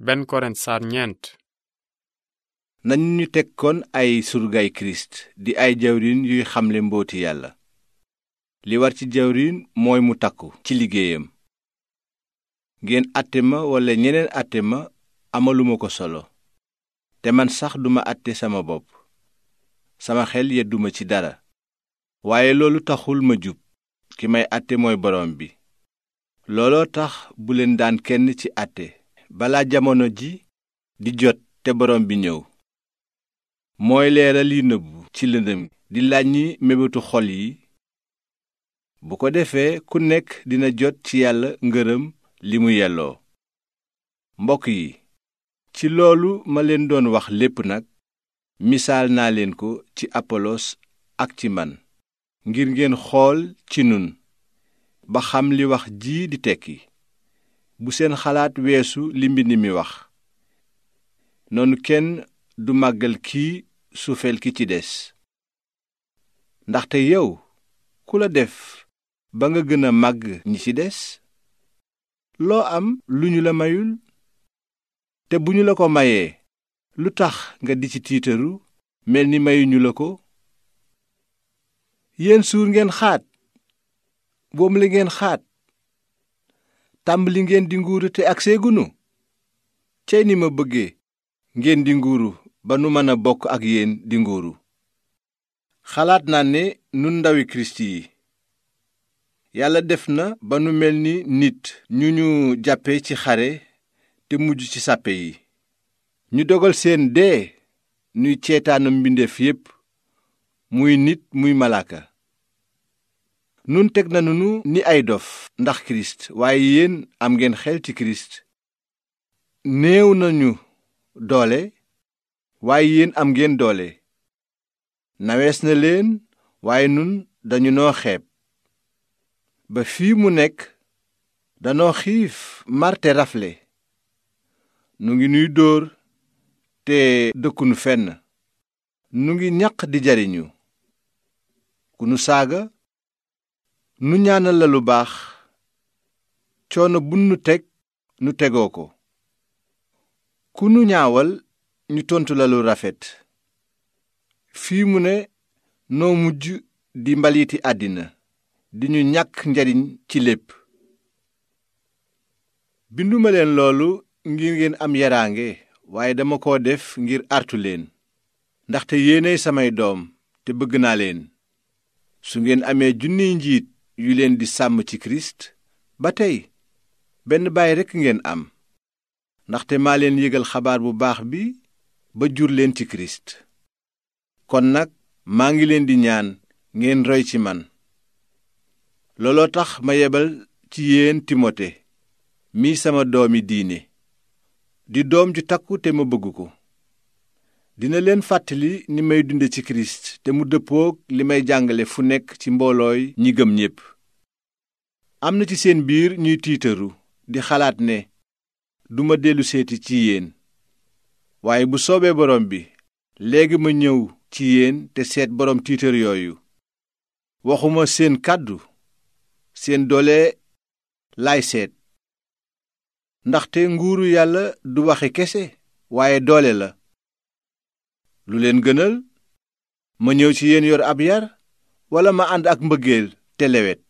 benn korent saar ñeent nañu ñu teg koon ay surgaay kirist di ay jawrin yuy xamle mbooti yàlla li war ci jawrin mooy mu takku ci liggéeyam ngeen àtte ma walla ñeneen àtte ma amaluma ko solo te man sax duma àtte sama bopp sama xel yedduma ci dara waaye loolu taxul ma jub ki may àtte mooy boroom bi looloo tax bu leen daan kenn ci àtte bala jamono ji di jot te borom bi ñëw mooy leeral li nëbbu ci lëndëm di laññi mébétu xol yi bu ko defee ku nekk dina jot ci yàlla ngërëm li mu yelloo mbokk yi ci loolu ma leen doon wax lépp nag misaal naa leen ko ci apolos ak ci man ngir ngeen xool ci nun ba xam li wax jii di tekki bu seen xalaat weesu li mbind mi wax noonu kenn du màggal kii suufeel ki ci des ndaxte yow ku la def ba nga gën a màgg ñi ci des loo am lu ñu la mayul te bu ñu la ko mayee lu tax nga di ci tiitaru mel ni mayuñu la ko yéen suur ngeen xaat boom li ngeen xaat tàmbali ngeen di nguuru te ak seegunu cey ni ma bëggee ngeen di nguuru ba nu mën a bokk ak yéen di nguuru xalaat naa ne nun ndawi kirist yi yàlla def na ba nu mel ni nit ñu ñu jàppe ci xare te mujj ci sàppe yi ñu dogal seen dee nuy ceetaanu mbindeef yépp muy nit muy malaaka nun teg nanu nu ni ay dof ndax kirist waaye yéen am ngeen xel ci kirist néew nañu doole waaye yéen am ngeen doole nawees na leen waaye nun dañu noo xeeb ba fii mu nekk danoo xiif marte rafle nu ngi nuy dóor te dëkkunu fenn nu ngi ñaq di jariñu ku nu saaga nu ñaanal la lu baax coono bu nu teg nu tegoo ko ku nu ñaawal ñu tontu la lu rafet fii mu ne noo mujj di mbaliti àddina di ñu ñàkk njariñ ci lépp binduma leen loolu ngir ngeen am yaraange waaye dama ko def ngir artu leen ndaxte yéenay samay doom te bëgg naa leen su ngeen amee junniy njiit yu leen di sàmm ci kirist ba tey benn baay rekk ngeen am ndaxte maa leen yégal xabaar bu baax bi ba jur leen ci kirist kon nag maa ngi leen di ñaan ngeen roy ci man looloo tax ma yebal ci yéen timote mii sama doom doomi diine di doom ju takku te ma bëgg ko dina leen fàttali ni may dunde ci kirist te mu dëppook li may jàngale fu nekk ci mboolooy ñi gëm ñépp am na ci seen biir ñuy tiitaru di xalaat ne duma dellu seeti ci yéen waaye bu soobee borom bi léegi ma ñëw ci yéen te seet borom tiitar yooyu waxuma seen kàddu seen doole laay seet ndaxte nguuru yàlla du waxe kese waaye doole la lu leen gënal ma ñëw ci yéen yor ab yar walla ma ànd ak mbëggeel te lewet